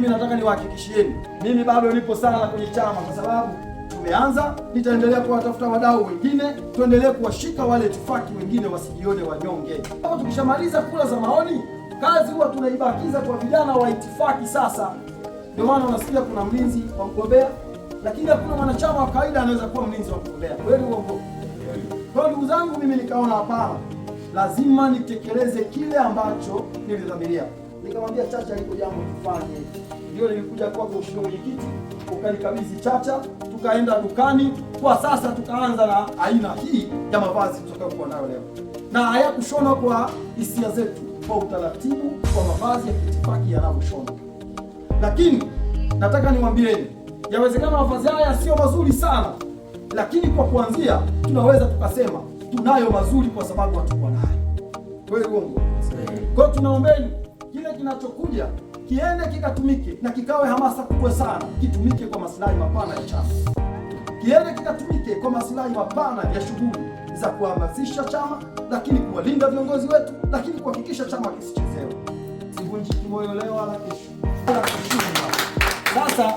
mimi nataka niwahakikishieni, mimi bado nipo sana kwenye chama, kwa sababu tumeanza, nitaendelea kuwatafuta wadau wengine, tuendelee kuwashika wale itifaki wengine wasijione wanyonge. Hapo tukishamaliza kura za maoni, kazi huwa tunaibakiza kwa vijana wa itifaki. Sasa ndio maana unasikia kuna mlinzi wa mgombea, lakini hakuna mwanachama wa kawaida anaweza kuwa mlinzi wa mgombea kweli. Uongo kwa ndugu zangu, mimi nikaona hapana, lazima nitekeleze kile ambacho nilidhamiria nikamwambia Chacha, liko jambo tufanye. Ndio nilikuja kwako mheshimiwa mwenyekiti, ukanikabidhi Chacha, tukaenda dukani. Kwa sasa tukaanza na aina hii ya mavazi tutakayokuwa nayo leo, na hayakushona kwa hisia zetu, kwa utaratibu, kwa mavazi ya kitifaki yanavyoshona. Lakini nataka niwaambieni, yawezekana mavazi haya sio mazuri sana, lakini kwa kuanzia tunaweza tukasema tunayo mazuri, kwa sababu hatukuwa nayo. Kweli uongo? Kwa hiyo tunaombeni kinachokuja kiende kikatumike na kikawe hamasa kubwa sana, kitumike kwa maslahi mapana ya chama, kiende kikatumike kwa maslahi mapana ya shughuli za kuhamasisha chama, lakini kuwalinda viongozi wetu, lakini kuhakikisha chama kisichezewe, sivunji kimoyo leo wala kesho. Sasa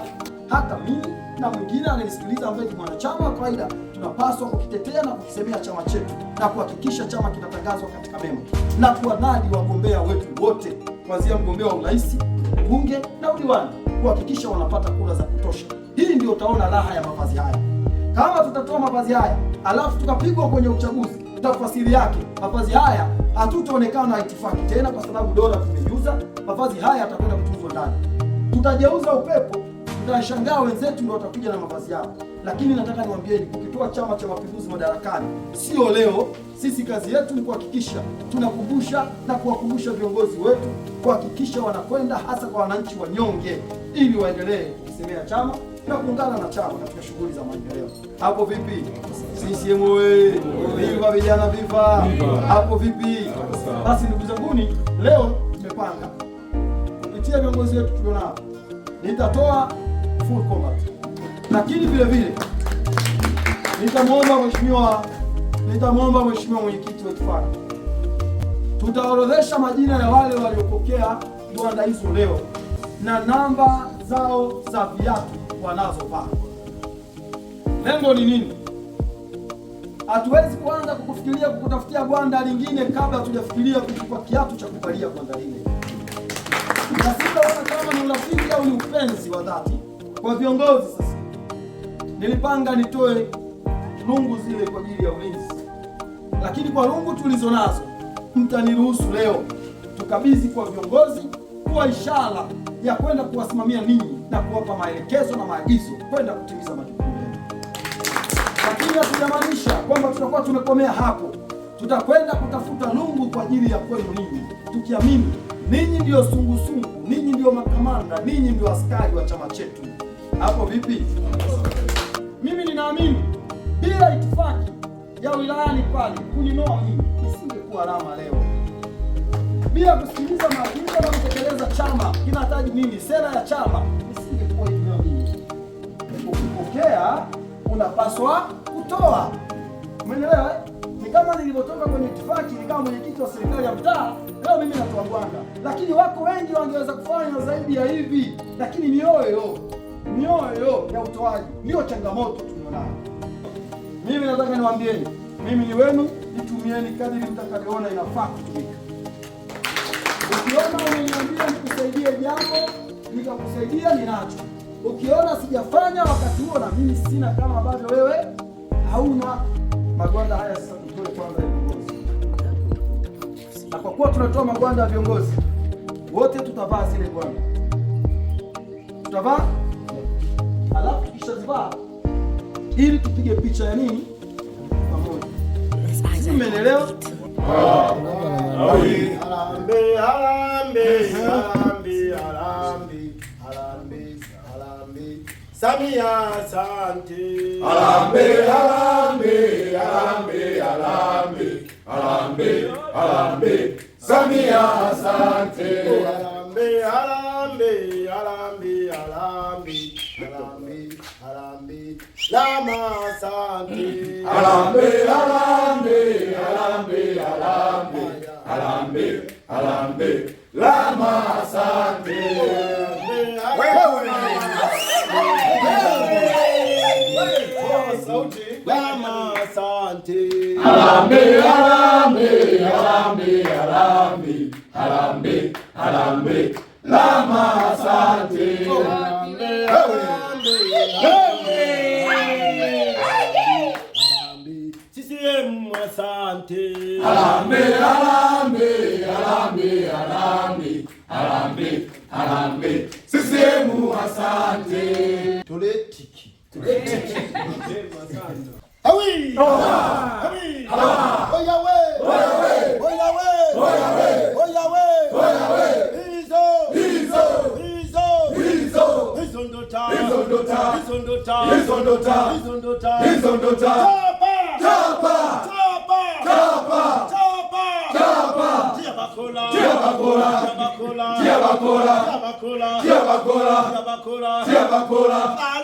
hata mimi na mwingine anayesikiliza ambaye ni mwanachama wa kawaida, tunapaswa kukitetea na kukisemea chama chetu na kuhakikisha chama kinatangazwa katika mema na kuwanadi wagombea wetu wote kuanzia mgombea wa urais, bunge na udiwani kuhakikisha wanapata kura za kutosha. Hii ndio utaona raha ya mavazi haya. Kama tutatoa mavazi haya alafu tukapigwa kwenye uchaguzi, tafasiri yake mavazi haya hatutaonekana itifaki tena, kwa sababu dola tumejuza mavazi haya, atakwenda kutuzwa ndani, tutajeuza upepo, tutashangaa wenzetu ndio watakuja na mavazi yao. Lakini nataka niwaambieni, ukitoa Chama cha Mapinduzi madarakani, sio leo sisi kazi yetu ni kuhakikisha tunakumbusha na kuwakumbusha viongozi wetu kuhakikisha wanakwenda hasa kwa wananchi wanyonge, ili waendelee kusemea chama na kuungana na chama katika shughuli za maendeleo. Hapo vipi? CCM oyee! Viva vijana, viva! Hapo vipi? Basi ndugu zanguni, leo tumepanga kupitia viongozi wetu tulionao, nitatoa full combat, lakini vile vile nitamwomba mheshimiwa nitamwomba mheshimiwa mwenyekiti wetu fara, tutaorodhesha majina ya wale waliopokea kiwanda hizo leo na namba zao za viatu wanazovaa. Lengo ni nini? Hatuwezi kuanza kukufikiria kukutafutia gwanda lingine kabla hatujafikiria kukupa kiatu cha kuvalia gwanda lile, na sitaona kama ni urafiki au ni upenzi wa dhati kwa viongozi. Sasa nilipanga nitoe lungu zile kwa ajili ya ulinzi lakini kwa rungu tulizo nazo mtaniruhusu leo tukabidhi kwa viongozi kuwa ishara ya kwenda kuwasimamia ninyi na kuwapa maelekezo na maagizo kwenda kutimiza majukumu yenu. Lakini hatujamaanisha kwamba tutakuwa tumekomea hapo. Tutakwenda kutafuta lungu kwa ajili ya kwenu ninyi, tukiamini ninyi ndiyo sungusungu, ninyi ndiyo makamanda, ninyi ndio askari wa chama chetu. Hapo vipi? Mimi ninaamini bila itifaki ya wilayani pale kuninoa mimi, nisingekuwa rama leo. Bila kusikiliza maagizo na kutekeleza chama kinahitaji nini, sera ya chama, nisingekuwa hivyo mimi. Ukipokea unapaswa kutoa, umeelewa? Eh? Ni kama nilivyotoka kwenye itifaki, ni kama mwenyekiti wa serikali ya mtaa leo mimi natoa Bwanga, lakini wako wengi wangeweza kufanya zaidi ya hivi, lakini mioyo mioyo ya utoaji ndio changamoto tulionayo. Mimi nataka niwaambieni, mimi ni wenu, nitumieni kadiri mtakavyoona inafaa kutumika. Ukiona umeniambia nikusaidie jambo nikakusaidia, ninacho. Ukiona sijafanya wakati huo, na mimi sina, kama bado wewe hauna magwanda haya. Sasa tutoe kwanza viongozi, na kwa kuwa tunatoa magwanda ya viongozi wote, tutavaa zile gwanda, tutavaa halafu tukishazivaa ili tupige picha ya nini pamoja. Mmenielewa? Harambe, harambe, harambe, harambe, harambe, harambe. Samia asante. Harambe, harambe, harambe, harambe, harambe, harambe. Samia asante. Harambe, harambe, harambe. Lama Santi. Alambe, Alambe, Alambe, Alambe, Alambe, Alambe, Lama Santi. Lama Santi. Alambe, Alambe, Alambe, Alambe, Alambe, Alambe, Lama Santi. Alambe, Alambe, Alambe, Harambe, harambe, harambe, harambe, harambe. Sisemu asante. Tuletiki. Tuletiki. Awi! Awi! Oya we! Oya we! Oya we! Oya we! Oya we! Oya we! Hizo! Hizo! Hizo! Hizo! Hizo ndo taa! Hizo ndo taa! Hizo ndo bakora tia bakora tia bakora tia